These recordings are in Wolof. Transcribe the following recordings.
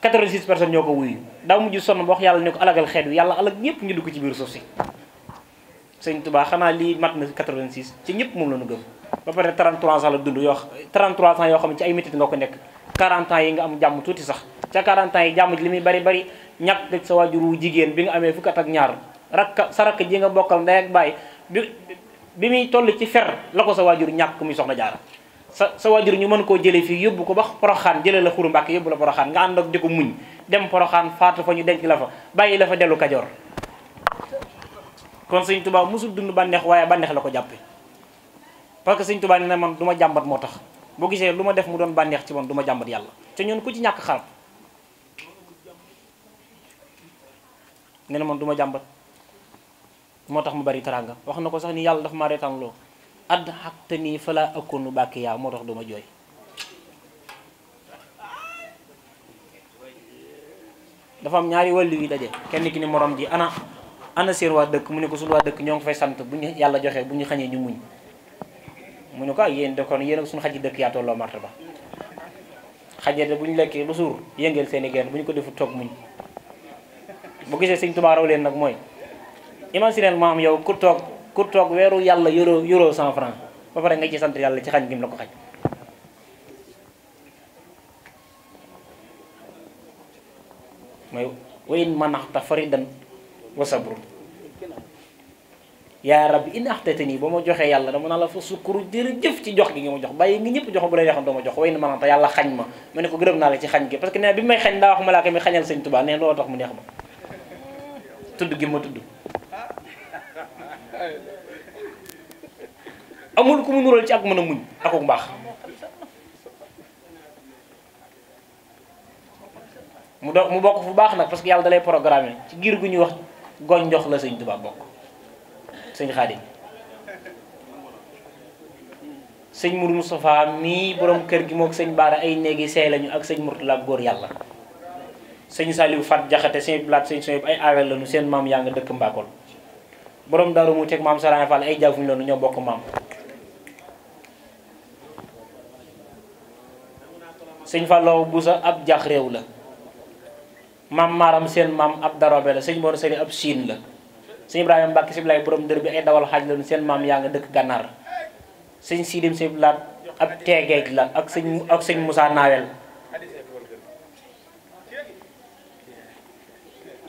86 personnes ñoo ko wuyu daa mujj sonn wax yàlla ne ko alagal xeet wi yàlla alag ñëpp ñu dugg ci biir suuf si sëñ Tuubaa xanaa lii mat na 86 ci ñëpp moom la ñu gëm ba pare 33 ans la dund yoo 33 ans yoo xam ne ci ay métit nga ko nekk 40 ans yi nga am jàmm tuuti sax ca 40 ans yi jàmm li muy bari bari ñàkk nga sa waajur wu jigéen bi nga amee fukk at ak ñaar rakk sa rakk ji nga bokkal ndey ak baay bi bi muy toll ci fer la ko sa waajur ñàkk muy soxna jaara sa sa waajur ñu mën koo jëlee fii yóbbu ko ba poroxaan jëlee la xuru mbàkke yóbbu la poroxaan nga ànd ak di ko muñ dem poroxaan faatu fa ñu denc la fa bàyyi la fa dellu kajoor kon sëñ tubaa mosul dund bànneex waaye bànneex la ko jàppe parce que sëñ tubaa ne na man du ma jàmbat moo tax boo gisee lu ma def mu doon bànneex ci man du ma jàmbat yàlla te ñoon ku ci ñàkk xarab man du jàmbat moo tax mu bari teraanga wax na ko sax ni yàlla dafa maa reetaan loo add xaqte nii fala akkunu bàkk yaa moo tax duma jooy dafa am ñaari wàllu yi daje kenn ki ni moroom ji ana ana seen waa dëkk mu ne ko suñu waa dëkk ñoo ngi fay sant bu ñu yàlla joxee bu ñu xañee ñu muñ mu ne ko ak ah, yéen kon yéen ak suñu xaj yi dëkk yaa tolloo martaba xajee de bu ñu lekkee lu suur yëngeel seen i genn bu ñu ko defu toog muñ bu gisee sëñ Tuubaa raw leen nag mooy imagine moo am yow ku toog ku toog weeru yàlla euro euro cent franc ba pare nga ci sant yàlla ci xañ gi mu la ko xañ mooy wa in manaxta faridan wa sabru yaa rabbi in axtatani ba ma joxee yàlla dama naa la fa sukkuru jërëjëf ci jox gi nga ma jox bàyyi ngi ñëpp jox ma bu lay neexoon doo ma jox wa in manaxta yàlla xañ ma ma ne ko gërëm naa la ci xañ gi parce que nee bi may xañ daa wax malaaka mi xañal sëñ Tuubaa nee loolu tax mu neex ma tudd gi ma tudd amul ku mu nural ci ak mën a muñ ak ak mbaax mu do mu bokk fu baax nag parce que yàlla dalay programme ci giir gu ñuy wax goñ jox la sëñ Tuubaa bokk sëñ Xaadim sëñ Mourou Moustapha mii borom kër gi moog sëñ Baara ay néegi seey lañu ak sëñ laa góor yàlla sëñ Saliou Fat Jaxate sëñ Blaat sëñ Soyeb ay awel lañu seen maam yaa nga dëkk Mbakol boroom daaru mu teg maam Sarañ Fall ay jaafuñ loonu ñoo bokk sëñ Fallou Boussa ab jax réew la maam maaram seen maam ab darobe la sëñ Mor Sali ab siin la sëñ Ibrahima Mbacke si bilaay borom dër bi ay dawal xaaj la seen maam yaa nga dëkk gànnaar sëñ Sidim si laat ab teegeej la ak sëñ ak sëñ Moussa Nawel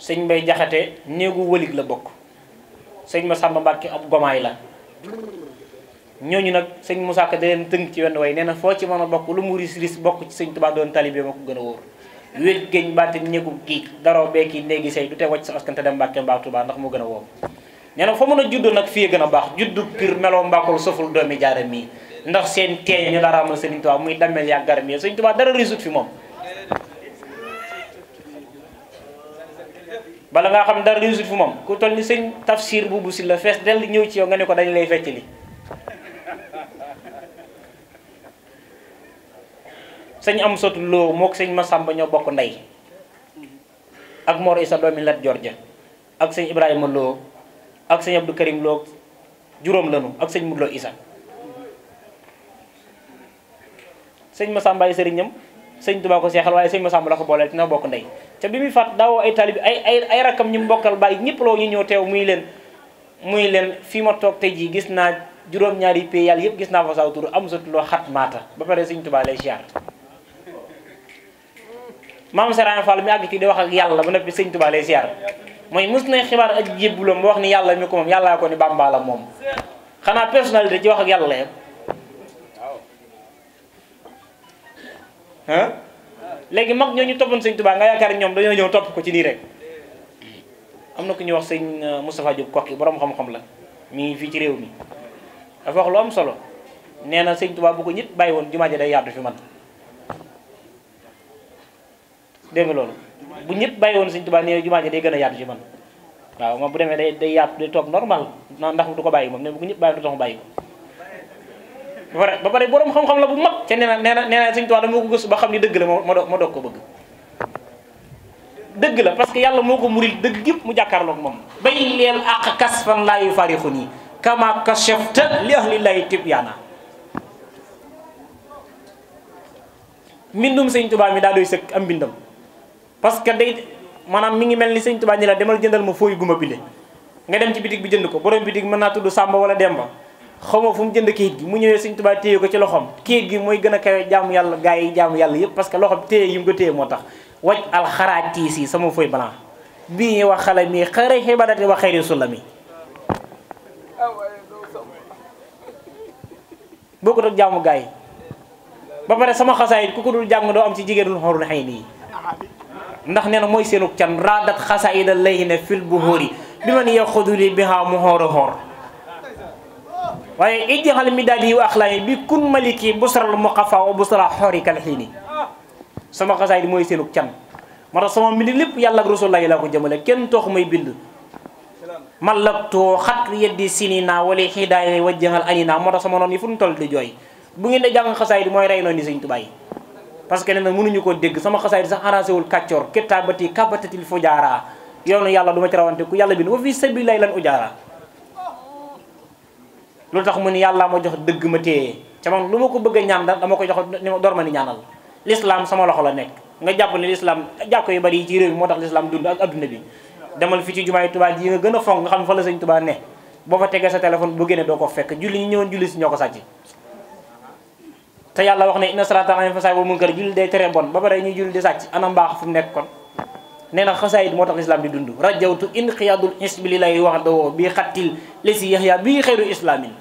sëñ Mbay Jaxate néegu wëlig la bokk sëñ Masamba Mbàkke ab gomaay la ñooñu nag sëñ Moussa Ka da leen tënk ci wenn way nee na foo ci mën a bokk lu mu ris ris bokk ci sëñ Tuubaa doon talibe ma ko gën a wóor wéet géñ baate ñegub giig daroo beeki néegi say du te wacc sa askan te dem Mbàkke mbaa Tuubaa ndax moo gën a wóor nee na fa mën a juddoo nag fii gën a baax juddu pir meloo mbakol soful doomi jaara mii ndax seen teeñ ñu dara amal sëriñ Tuubaa muy dammel yaa yi sëñ Tuubaa dara risut moom bala ngaa xam dara réussite fu moom ku toll ni sëñ tafsir bu bu si la fees dell ñëw ci yow nga ne ko dañ lay fecc li sëñ am sotu loo mook sëñ ñoo bokk ndey ak Mor Isa doomi ak sëñ Ibrahima loo ak sëñ juróom lanu ak sëñ Mudlo Isa sëñ Masamba ay sëriñam sëñ Tuubaa ko seexal waaye sëñ Masamba la ko booleel dina bokk ndey te bi muy faat daawoo ay taalibi ay ay rakkam ñu mbokkal bàyyi ñëpp loo ñu ñëw teew muy leen muy leen fii ma toog tey jii gis naa juróom-ñaari pays yàlla yëpp gis naa fa saw tur amsatuloo xat maata ba pare Sëñ Tuubaa lay ziar àgg ci di yàlla ba noppi Sëñ Tuubaa mooy mos na xibaar ak jébbulam ba wax ni yàlla mi ko moom yàllaa ko ni Bàmbaa moom xanaa personnalité ci wax ak yàlla la yëpp léegi mag ñoo ñu toppoon sëñ Touba nga yaakaar ñoom dañoo ñëw topp ko ci nii rek am na ku ñuy wax sëñ euh, Moustapha Diop kokki borom xam-xam la mi fii ci réew mi dafa wax lu am solo nee na sëñ bu ko ñit bàyyi woon jumaa ji day yaadu fi man dégg nga loolu bu ñëpp bàyyi woon sëñ Touba nee jumaa ji day gën a yaatu ci man waaw moom bu demee day day yaatu day toog normal ndax du ko bàyyi moom ne bu ko ñëpp bàyyi woon du tax bàyyi ko ba pare ba pare boroom xam-xam la bu mag ca nee na nee na nee na suñu tubaab dama ko gëstu ba xam ni dëgg la ma ma ma doog ko bëgg. dëgg la parce que yàlla moo ko muril dëgg yëpp mu jàkkaarloog moom. bay leen àq kas fan laa yu fariqu nii kama kashafta li ahlillahi tibyaana mbindum sëñ tubaa mi daa doy sëkk am mbindam parce que day maanaam mu ngi mel ni sëñ tubaa ni la demal jëndal ma fooy guma bile nga dem ci bitig bi jënd ko borom bitig mën naa tudd Samba wala Demba xamoo fu mu jënd kayit gi mu ñëwee Sëñ Tuubaa téye ko ci loxoom kayit gi mooy gën a kawe jaamu yàlla gaa yi jaamu yàlla yëpp parce que loxoom téye yi mu ko téye moo tax waj alxaraaj tii sama fooy blanc bii ñuy wax xale mii xëre xibadati wa xëri sulla mi boo ko doon yi ba pare sama xasaayit ku ko dul jàng doo am ci jigéen dul xorul xëy nii ndax nee na mooy seenu can raadat xasaayida layhi na fil buhuri bi man yaxudu li biha mu xoor a xoor waaye ijjaxal mi daal yi wa axlaani bi kun maliki busral muqafa wa busra xori kal xiini sama xasaay di mooy seenu can moo tax sama lépp yàlla ak rasulullahi laa ko jëmale kenn toox may bind mallaktoo xat yeddi sini naa wala xidaay wajjaxal ani naa moo tax sama noonu yi fu ñu di jooy bu ngeen di jàng xasaay di mooy rey noonu yi sëñ Tuubaa yi parce que nee na mënuñu koo dégg sama xasaay di sax arrangé wul kàccoor kettaabati kabatatil fujaaraa yoonu yàlla du ma ku yàlla bind wa fi sabilillahi lan lu tax mu ni yàlla ma jox dëgg ma téye ca man lu ma ko bëgg a ñaan dama ko jox door ma ni ñaanal l'islam sama loxo la nekk nga jàpp ne l'islam jàkko yu bari yi ci réew mi moo tax l'islam dund ak adduna bi demal fi ci jumaay Tuubaa yi nga gën a fonk nga xam ne fa la sëñ Tuubaa ne boo fa tegee sa téléphone bu génne doo ko fekk julli ñu ñëwoon julli si ñoo ko sàcc te yàlla wax ne inna salaata fa saay bo munkar julli day tere bon ba pare ñuy julli ana mbaax fu mu nekk nee na xasaayit moo tax lislaam di dund rajawtu inqiyaadul xisbi lillahi waxdahu bi xattil lesi yaxya bi xeyru islaamin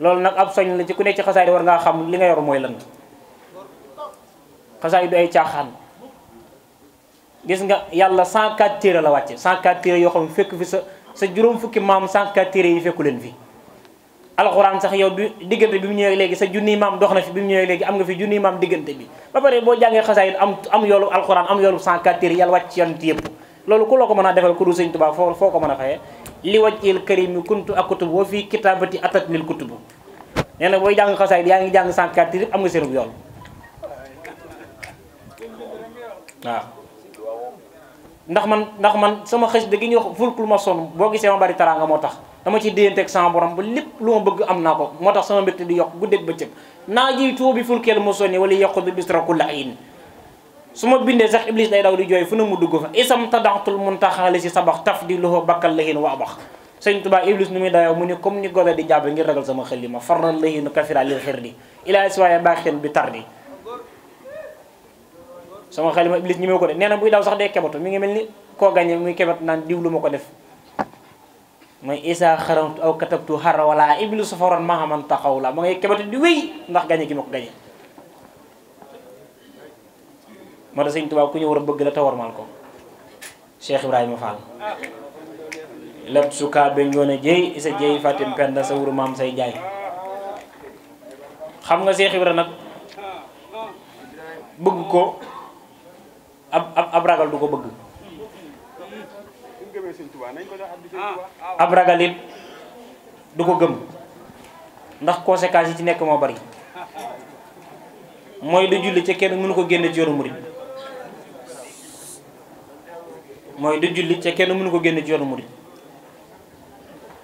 loolu nag ab soñ la ci ku nekk ci xasaayit war ngaa xam li nga yor mooy lan xasaayit du ay caaxaan gis nga yàlla 104 téere la wàcce 104 téere yoo xam ne fekk fi sa sa juróom fukki maam 104 téere yi fekku leen fi alxuraan sax yow bi diggante bi mu ñëwee léegi sa junniy maam dox na fi bi mu ñëwee léegi am nga fi junniy maam diggante bi ba pare boo jàngee xasaayit am am yoolu alxuraan am yoolu 104 yàlla wàcc yonent yëpp loolu ku la ko mën a defal ku du sëñ Tuubaa foo foo ko mën a fayee li wàccil karimi kuntu ak kutub boo fii kitaabati atat lil kutub nee na booy jàng xasaayit yaa ngi jàng 104 yëpp am nga seenub yool waaw ndax man ndax man sama xës da gi ñuy wax fulkul ma sonn boo gisee ma bari taraanga moo tax dama ci déyanteeg sama borom ba lépp lu ma bëgg am naa ko moo tax sama mbégte di yokk guddeeg bëccëg naa jiy tuub bi fulkeel mosoni wala yaqul bi bisra kulla ayin su ma bindee sax iblis day daw di jooy fu ne mu dugg fa isam tadaxtul muntaxaali si sabax taf di loxo bakkal lahin wa abax sëñ tubaa iblis nu muy dayoo mu ni comme ni gode di jàppe ngir ragal sama xel yi ma farral lahinu kafira lil xir di ilaa siwaaya bi tardi sama xel ma iblis ñi ma ko de nee na buy daw sax dee kebatu mi ngi mel ni koo gàññe muy kebat naan diw lu ma ko def mooy isa xaramtu aw katabtu xar wala iblu safaroon mahaman taxaw la ma ngay kebatu di wéy ndax gañe gi ma ko gañe moo tax sëñ Tuubaa ku ñu war a bëgg la te warmal ko Cheikh Ibrahima Fall lépp sukaa be ngoone jëy isa jëy fatim penda sa wuru maam say jaay xam nga Cheikh Ibrahima nag bëgg ko ab ab ab ragal du ko bëgg Ah. ab ragal it du ko gëm ndax conséquences yi ci nekk moo bari mooy du julli ca kenn mënu ko génne ci yoonu murid mooy julli ca kenn mënu ko génne ci yoonu murid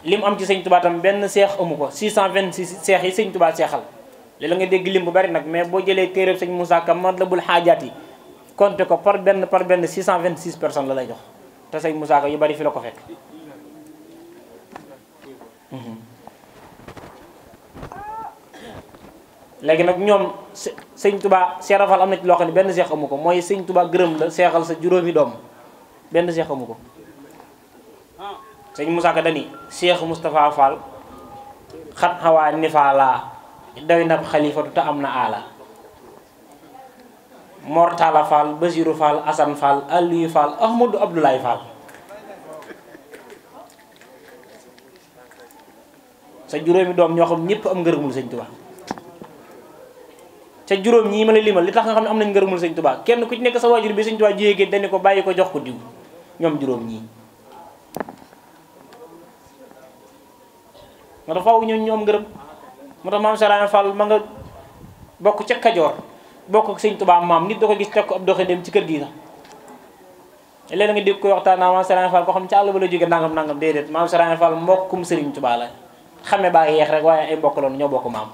lim am ci sëñ Tuubaa tam benn seex amu ko 626 seex yi sëñ Tuubaa seexal léeg la nga dégg lim bu bari nag mais boo jëlee téereb sëñ Moussa Ka Matlabul Haajaat yi compté ko par benn par benn 626 personnes la lay jox te sëñ Moussa yu bari fi la ko fekk mhm. léegi nag ñoom sëñ Touba Cheikh Rafal am na ci loo xam ne benn seex amu ko mooy sëñ Touba gërëm la seexal sa juróomi doom benn seex amu ko sëñ Moussa Ka dani Cheikh Moustapha Fall xat xawaa nifaalaa doy nab xalifatu te am na aala Mor Talla Fall Basirou Fall Assane Fall Aliou Fall Ahmadou Abdoulaye sa juróomi doom ñoo xam ñëpp am ngërëmul sëñ Tuubaa ca juróom ñii ma la limal li tax nga xam ne am nañ ngërëmul sëñ Tuubaa kenn ku ci nekk sa waajur bi sëñ Tuubaa jiyee géej dañu ko bàyyi ko jox ko diw ñoom juróom ñii moo tax faaw ñoo ñoom ngërëm moo tax maam Saraane Fall ma nga bokk ca Kajoor bokk ak sëñ Tuubaa maam nit da ko gis teg ko ab doxe dem ci kër gii sax léeg nga dégg koy waxtaan naa maam Serigne Fall ko xam ci àll ba la jóge nangam nangam déedéet maam Serigne Fall mbokkum sëriñ Tuubaa la xame baa yeex waaye ay mbokk ñoo bokk maam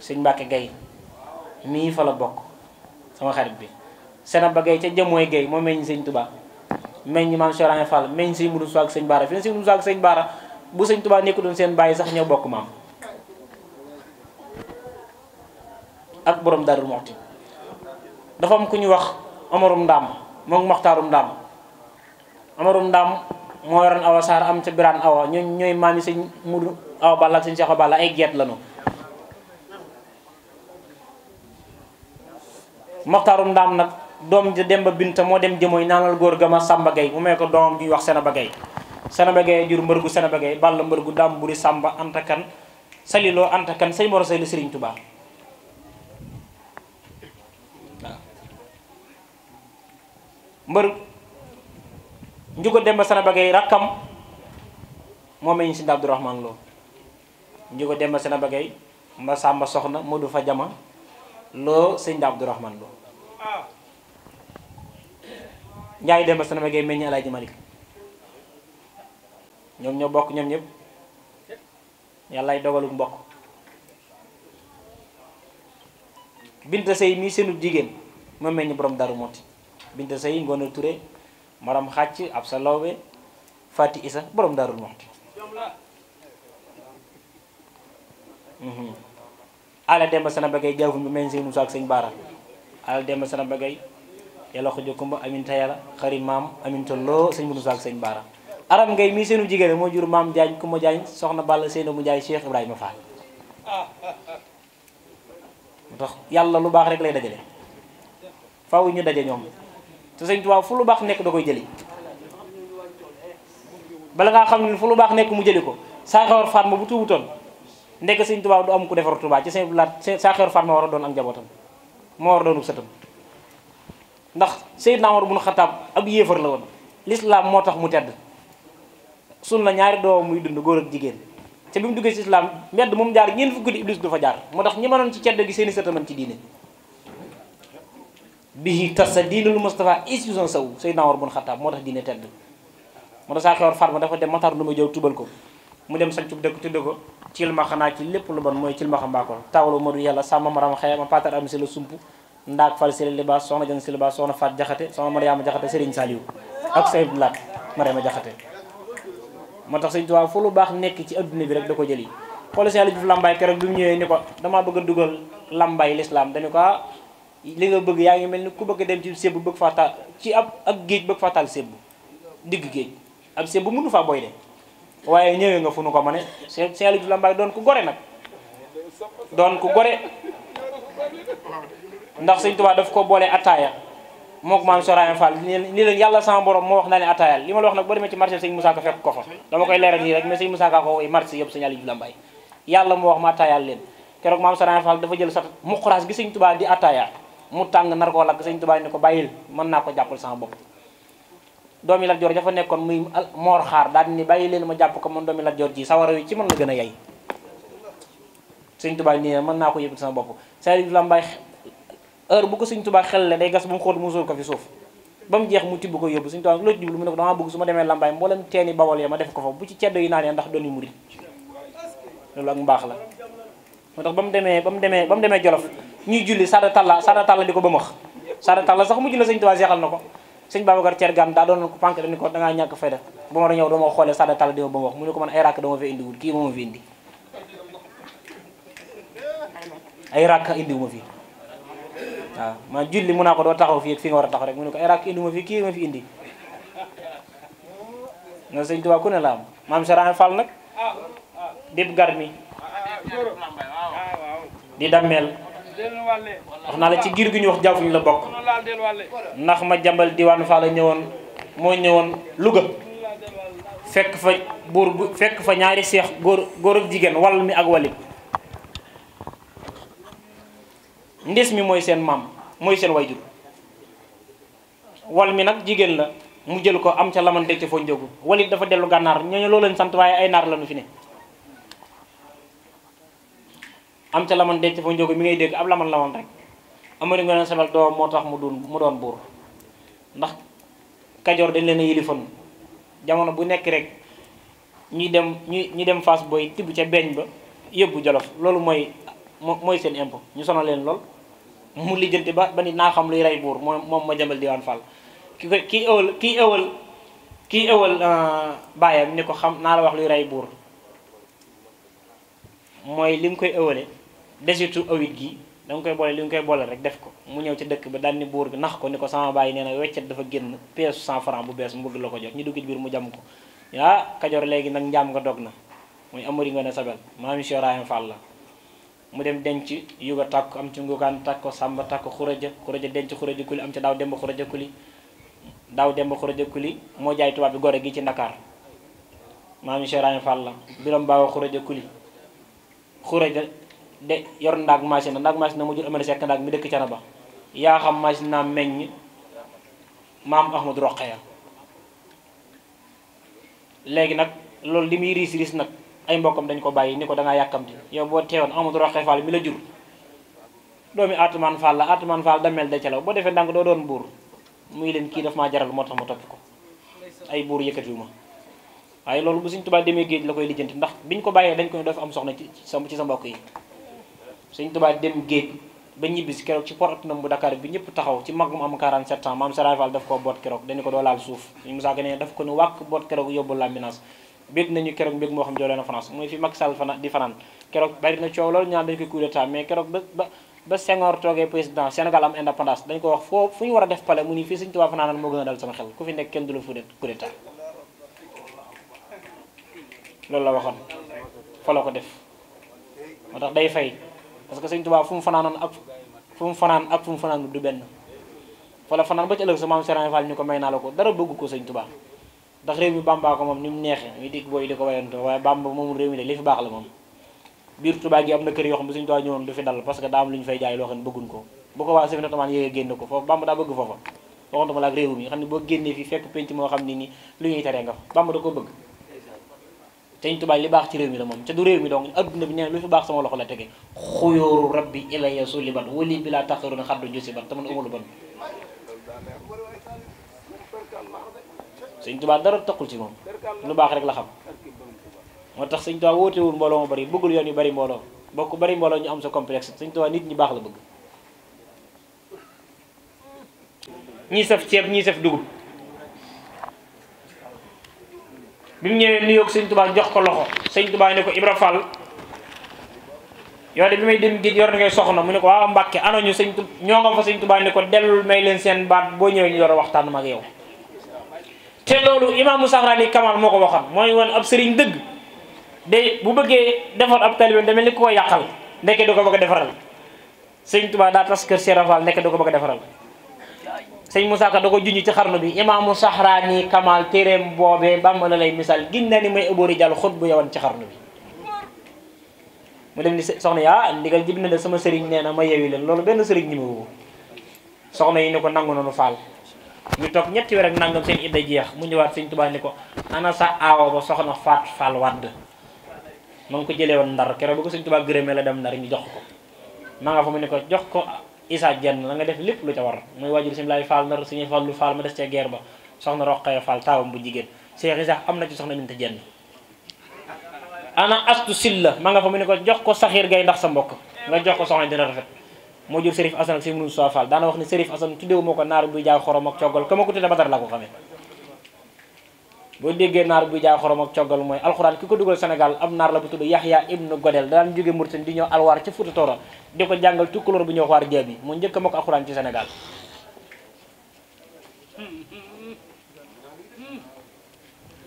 sëñ Mbàkke Gay mii bokk sama xarit bi sena ba gay ca jëmooy gay moo meñ sëñ Tuubaa meññ maam Serigne Fall meññ sëñ Mudu Sow ak sëñ Baara fi ne sëñ Mudu Sow ak sëñ Baara bu sëñ Tuubaa nekku doon seen bàyyi sax ñëw bokk maam ak borom Darou Mouhty dafa am ku ñu wax Amarum Ndaam moom Maxtaarum Ndaam Amarum Ndaam moo yoroon awa am ca biraan awa ñoom ñooy maami sëñ Mudu awa Balla ak sëñ Seexu Balla ay geet lañu Maxtaarum Ndaam nag doom ja Demba Binta moo dem jëmooy naanal góor ga ma Samba Gueye mu may ko doomam ju ñuy wax Senaba Gueye Senaba Gueye jur mbërgu Senaba Gueye Balla mbërgu Daam Buri Samba Anta Kan Saliloo Anta Kan sëñ Mor Seylu Sëriñ Tuubaa mbër njugo demba sana bagay rakkam moo meñ si Abdourahmane Lo njugo demba sana bagay mba sàmba soxna Modou fa jama loo sëñ da Abdourahmane Lo njaay demba sana bagay meññ Alaaji Malik ñoom ñoo bokk ñoom ñëpp yàllaay dogaluk mbokk Binta Sey mii seenu jigéen moo meññ boroom daru Muxti Binta Sey Ngoone Touré Maram Xàcc Absa Lawbe Fati Isa borom Daarul Muxti mhm. ala demba sana bagay jaafuñ bi men seen Musaa ak sëñ Baara ala demba sana bagay yàlla ko jokkumba aminta yàlla xarit maam aminta loo sëñ Musaa ak sëñ Baara aram ngay mii seenu jigéen moo jur maam Jaañ ku ma Jaañ soxna Balla seena mu Njaay Cheikh Ibrahima Fall moo tax yàlla lu baax rek lay dajale faw ñu daje ñoom te sëñ Tuubaa fu lu baax nekk da koy jëli bala ngaa xam ne fu lu baax nekk mu jëli ko saa xewar Fatma bu tuubutoon nekk sëñ Tuubaa du am ku defar Tuubaa ci sëñ laat saa xewar Fatma war a doon ak njabootam moo war a doonu sëtam ndax Seydina Umar bun Xataab ab yéefar la woon lislaam moo tax mu tedd sunna ñaari doom muy dund góor ak jigéen te bi mu duggee ci islam mbedd moom jaar ñeent fukki di iblis du fa jaar moo tax ñi mënoon ci cedd gi seen i sëta ci diine bihi tas sa diinul Moustapha isbison saw Seydina Omar bun Xattaab moo tax diine tedd moo tax saa xewar a dafa dem Matar lu ma jëw tubal ko mu dem sancub dëkk tudde ko cil ma xanaa ci lépp lu bon mooy cil ma xam a taawalo a du yàlla sàmm maram xëy ma patar am si la sump ndaak fal si la libaas soxna jën si libaas soxna faat jaxate soxna mariama jaxate Serigne Saliou ak sa ibdu laat mariama jaxate moo tax sëñ Tuubaa fu lu baax nekk ci adduna bi rek da ko jëli xool si yàlla juf làmbaay keroog bi mu ñëwee ni ko damaa bëgg a li nga bëgg yaa ngi mel ni ku bëgg dem ci sébbu bëgg faa taal ci ab ak géej bëgg faa taal sébbu digg géej ab sébbu mënu faa booy de waaye ñëwee nga fu nu ko ma ne Cheikh Aliou Diouf doon ku gore nag doon ku gore ndax sëñ Tuubaa daf ko boole ataaya mook maam Sorayan Fall ni leen yàlla sama borom moo wax naa ne ataaya li ma la wax nag boo demee ci marché sëñ Moussa fekk ko fa dama koy leeral nii rek mais sëñ Moussa Ka ko marché yëpp sëñ ma ataayal leen keroog dafa jël sa muquraas gi sëñ Tuubaa di ataaya mu tàng nar koo lakk sëñ Tuubaa ni ko bàyyil mën naa ko jàppal sama bopp doomi Lat Joor dafa nekkoon muy moor xaar daal ni bàyyi leen ma jàpp ko man doomi Lat Joor ji sawara wi ci man na gën a yay sëñ Tuubaa nii mën naa ko yëpp sama bopp sa Sëriñ Lambaay heure bu ko sëñ Tuubaa xelle day gas ba mu xóot mu suul ko fi suuf ba mu jeex mu tibb ko yóbbu sëñ Tuubaa loo jublu mu ne ko damaa bëgg su ma demee Lambaay mboolem teeni Bawol ya ma def ko fa bu ci ceddo yi naanee ndax dooni murit loolu ak mbaax la moo tax ba mu demee ba mu demee ba mu demee Jolof ñuy julli Sada Talla Sada Talla di ko ba mu wax Sada Talla sax mujj na sëñ Tuubaa seexal na ko sëñ Babacar Thier Gane ko pànk dañu ko dangaa ñàkk fayda ba ma ñëw dama xoolee Sada Talla di ko ba mu wax mu ne ko man ay rakk indi ay rakk ma fi waaw man julli mun naa ko doo taxaw fii ak nga war a taxaw rek mu ni ko ay rakk indiwu ma fi kii ma fi indi nga sëñ Tuubaa ku ne la am maam Sëriñ Fall nag dib gar mi di dàmmeel wax naa la ci giir gi ñu wax jaww ñu la bokk ndax ma jàmbal diwaan faa la ñëwoon mooy ñëwoon Louga fekk fa buur bu fekk fa ñaari seex góor góor ak jigéen wal mi ak walit ndis mi mooy seen maam mooy seen wayjur wal mi nag jigéen la mu jël ko am ca lamante ca foo njógu walit dafa dellu gànnaar ñooñu loo leen sant waaye ay naar la ñu fi ne am ca laman denc fa njóge mi ngay dégg ab laman laman rek amari nga neen sebel doom moo tax mu doon mu doon buur ndax kajoor dañ leen a yilifoon jamono bu nekk rek ñuy dem ñuy ñu dem fas booy tibb ca beeñ ba yóbbu jolof loolu mooy moo mooy seen impôt ñu sonal leen lool mu lijjanti ba ba nit naa xam luy rey buur moom moom ma jëmbal diwaan fal ki ko kii ëwal ki ëwal kii ëwal euh, baayam ni ko xam naa la wax luy rey buur mooy li mu koy ëwale desitu awit gi da nga koy boole li nga koy boole rek def ko mu ñëw ci dëkk ba daani ni buur bi nax ko ni ko sama bàyyi nee na dafa génn pièce cent franc bu bees mu bëgg la ko jox ñu dugg ci biir mu jam ko ah kajoor léegi nag njaam nga dog na mooy amari nga ne sabel maam monsieur Rahim Fall la mu dem denc yuga tàkk am ci ngukaan tàkk ko sàmba tàkk xuraja xuraja denc xuraja kuli am ci daaw demba xuraja kuli daaw demba xuraja kuli moo jaay tubaab bi gi ci Ndakaar maam monsieur Rahim Fall la biram baawa xuraja de yor ndaag machine ndaag machine na mu jur amene sekk ndaag mi dëkk cana ba yaa xam machine naa meññ maam ahmadu roqeya léegi nag loolu li muy riis riis nag ay mbokkam dañ ko bàyyi ni ko dangaa yàkkamti yow boo teewoon ahmadu roqeya fall mi la jur doomi atumaan fall la atumaan fall mel de calaw boo defee ndànk doo doon buur muy leen kii daf maa jaral moo tax ma topp ko ay buur yëkkat yu ma waaye loolu bu Sëñ Tuubaa demee géej la koy lijjanti ndax biñ ko bàyyee dañ ko ne am soxna ci sa ci sa mbokk yi sëñ tubaa dem géej ba ñibbi si keroog ci port autonome bu Dakar bi ñëpp taxaw ci mag mu am 47 ans maam Saraay Fall daf koo boot keroog dañu ko doo laal suuf suñu musaaka ne daf ko ne wàkk boot keroog yóbbu laminance bég nañu keroog mbég moo xam joolee na France mooy fi Macky Sall fana di fanaan keroog bari na coow loolu ñaan dañu président Sénégal am indépendance dañ ko wax foo fu ñu war a def pale mu ni fii sëñ Tuubaa fanaanal moo gën a dal sama xel ku fi nekk kenn du la fu coup d'état la ko def moo day fay parce que sëñ Tuubaa fu mu fanaanoon ak fu mu fanaan ak fu mu fanaan du benn fa fanaan ba ëllëg sa maam Serigne ñu ko may naa la ko dara bëgg ko sëñ Tuubaa ndax réew mi Bàmbaa na kër yoo daa ko bu ko waa sëfi natomaan yéegee génn ko foofu Bàmba daa bëgg foofa waxantuma la ak réew mi xam ne boo génnee fi fekk penc moo xam ne ni lu ñuy teree nga fa Bàmba da ko bëgg sëñ Tuubaa li baax ci réew mi la moom ca du réew mi donc adduna bi nee lu fi baax sama loxo la tege xuyóoru rabbi ilaya su libat wali bi laa taxaru na xaddu jusi bat te man umalu ban dara taxul ci moom lu baax rek la xam moo tax sëñ Tuubaa wóote wul mbooloo ma bëri bëggul yoon yu bari mbooloo bokk bari mbooloo ñu am sa complexe sëñ Tuubaa nit ñi baax la bëgg ñii saf ceeb ñii saf dugub bi mu ñëwee nuyoog sëñ tubaa jox ko loxo sëñ tubaa ne ko Ibra Fall yoo de bi may dem géej yor na ngay soxna mu ne ko waaw Mbàkke ñu sëñ tub ñoo nga fa sëñ tubaa ne ko dellul may leen seen baat boo ñëwee ñu door waxtaan ma ak yow te loolu imaamu Safraani Kamal moo ko waxoon mooy woon ab sëriñ dëgg day bu bëggee defar ab talibe damel ni ko yàqal ndekke du ko bëgg a defaral sëñ tubaa daa tas kër Cheikh Ibra Fall ndekke du ko bëgg a defaral sëñ Moussa Ka da ko junj ci xarnu bi imaamu Sahraani Kamal téeréem boobee Bàmba la lay misaal gis na ni may ëbori jàll xut bu yowoon ci xarnu bi mu dem ni soxna yaa ah, ndigal jib na la sama sëriñ nee na ma yewi leen loolu benn sëriñ ni ma woo soxna yi ni ko nangu noonu faal ñu toog ñetti weer ak nangam seen idda jeex mu ñëwaat sëñ Tuubaa ni ko ana sa aawo ba soxna faat faal wadd ma ko jëlee woon ndar keroog bu ko sëñ Tuubaa gërëmee la dem ndar ñu jox ko ma fa mu ne ko jox ko Issa Dieng la nga def lépp lu ca war muy waajur suñu laay faal nar suñu fàllu faal ma des ca guerre ba soxna Roqaya Fall taawam bu jigéen Cheikh sax am na ci soxna Binta Dieng ana astu silla ma nga fa mu ne ko jox ko saxiir gay ndax sa mbokk nga jox ko soxna dina rafet moo jur Serif Assane ak si mënu Soa Fall daana wax ne Serif Assane tuddeewu ko naar buy jaay xorom ak coggal ka ma ko tudde Badar la ko xamee boo déggee naar buy jaay xorom ak coggal mooy alxuraan ki ko dugal Sénégal am naar la bu tudd Yaxya ibnu Godel daan jóge Mauritanie di ñëw alwaar ca Fuuta di ko jàngal tukkulóor bu ñëw waar jeeb yi mu a mokk alxuraan ci Sénégal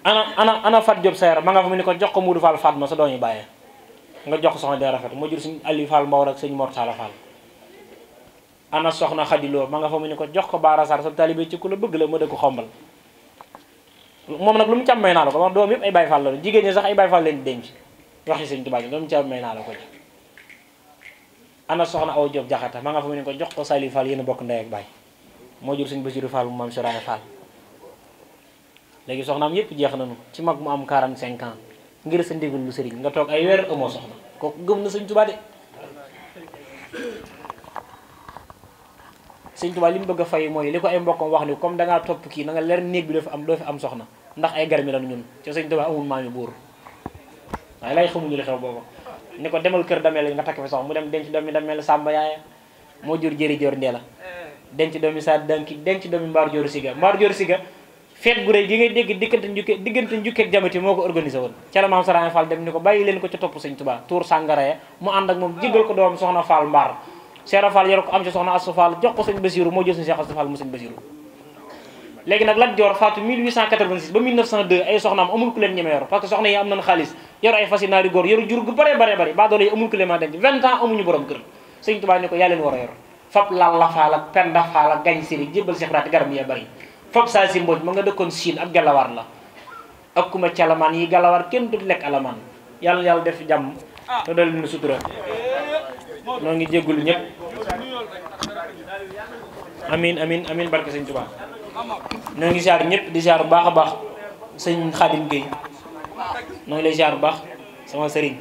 ana ana ana Fat Diop Seer ma nga fa mu ni ko jox ko Muudu Fall Fatma sa doom yi bàyyee nga jox ko soxna dee rafet moo jur suñ Aliou Fall Mbaw ak suñ Mortala Fall ana soxna Xadiloo ma nga fa mu ni ko jox ko Baara Sarr sa taalibe ci ku la bëgg la ma dëkk xombal moom nag lu mu ci may naa la ko wax doom yëpp ay Baay Faal la jigéen ñi sax ay Baay Faal leen denc wax ci Sëñ Tuubaa ji lu mu ci am may naa la ko ci ana soxna aw Diop jaxata ma nga fa mu ko jox ko Saliou Fall yéen bokk ndey ak baay moo jur Sëñ Basiru Fall mu maam Soraay Fall léegi soxnaam yëpp jeex nañu ci mag mu am 45 ans ngir sa ndigal lu sëriñ nga toog ay weer amoo soxna kooku gëm na Sëñ Tuubaa de sëñ Tuubaa li mu bëgg fay mooy li ko ay mbokkam wax ni comme da ngaa topp kii na nga leer néeg bi doo fi am doo fi am soxna ndax ay garmi lañu ñun ci sëñ Tuubaa amul maami buur waaye xew boobu ni ko demal kër dameel nga takk fi sox mu dem denc doomi dameel sàmba yaaya moo jur jëri joor ndee la denc doomi saa danki denc doomi mbaar joor siga mbaar joor siga feet gu rëy gi ngay dégg diggante njukke diggante njukkeeg jamati moo ko organisé woon ca la maam Saraane dem ni ko bàyyi leen ko ca topp sëñ Tuubaa tuur sàngara ya mu ànd ak moom jiggal ko doom soxna Fall mbaar Cheikh Fall yor ko am ci soxna Astou Fall jox ko Basiru moo jël sëñ Cheikh Astou mu sëñ Basiru léegi nag Lat Joor faatu ba 1902 ay soxnaam amul am jur gu bare bare bare baa doole yi amul amuñu borom kër sëñ Tuubaa ne ko yaa leen war a yor fab lan la faala penda faala gañ siri jébbal Cheikh Rati garam yee bari fab saa si mbooj ma nga dëkkoon Siin ab galawaar la ak kuma calamaan yi galawaar kenn du lekk alamaan yàlla yàlla def jàmm ah. te dool leen sutura noo ngi jéggulu ñëpp amin amin amin barke sëñ Tuubaa noo ngi siyaar ñëpp di siyaar bu baax a baax sëñ Xaadim Gueye noo ngi lay siyaar bu baax sama sëriñ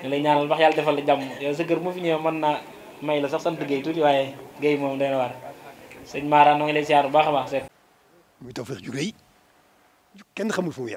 ngi lay ñaanal baax yàlla defal la jàmm yow sa kër mu fi ñëwee mën naa may la sax sant Gueye tuuti waaye Gueye moom dana war sëñ Mara noo ngi lay siyaar baax a baax seet muy tawfeex ju kenn xamul fu mu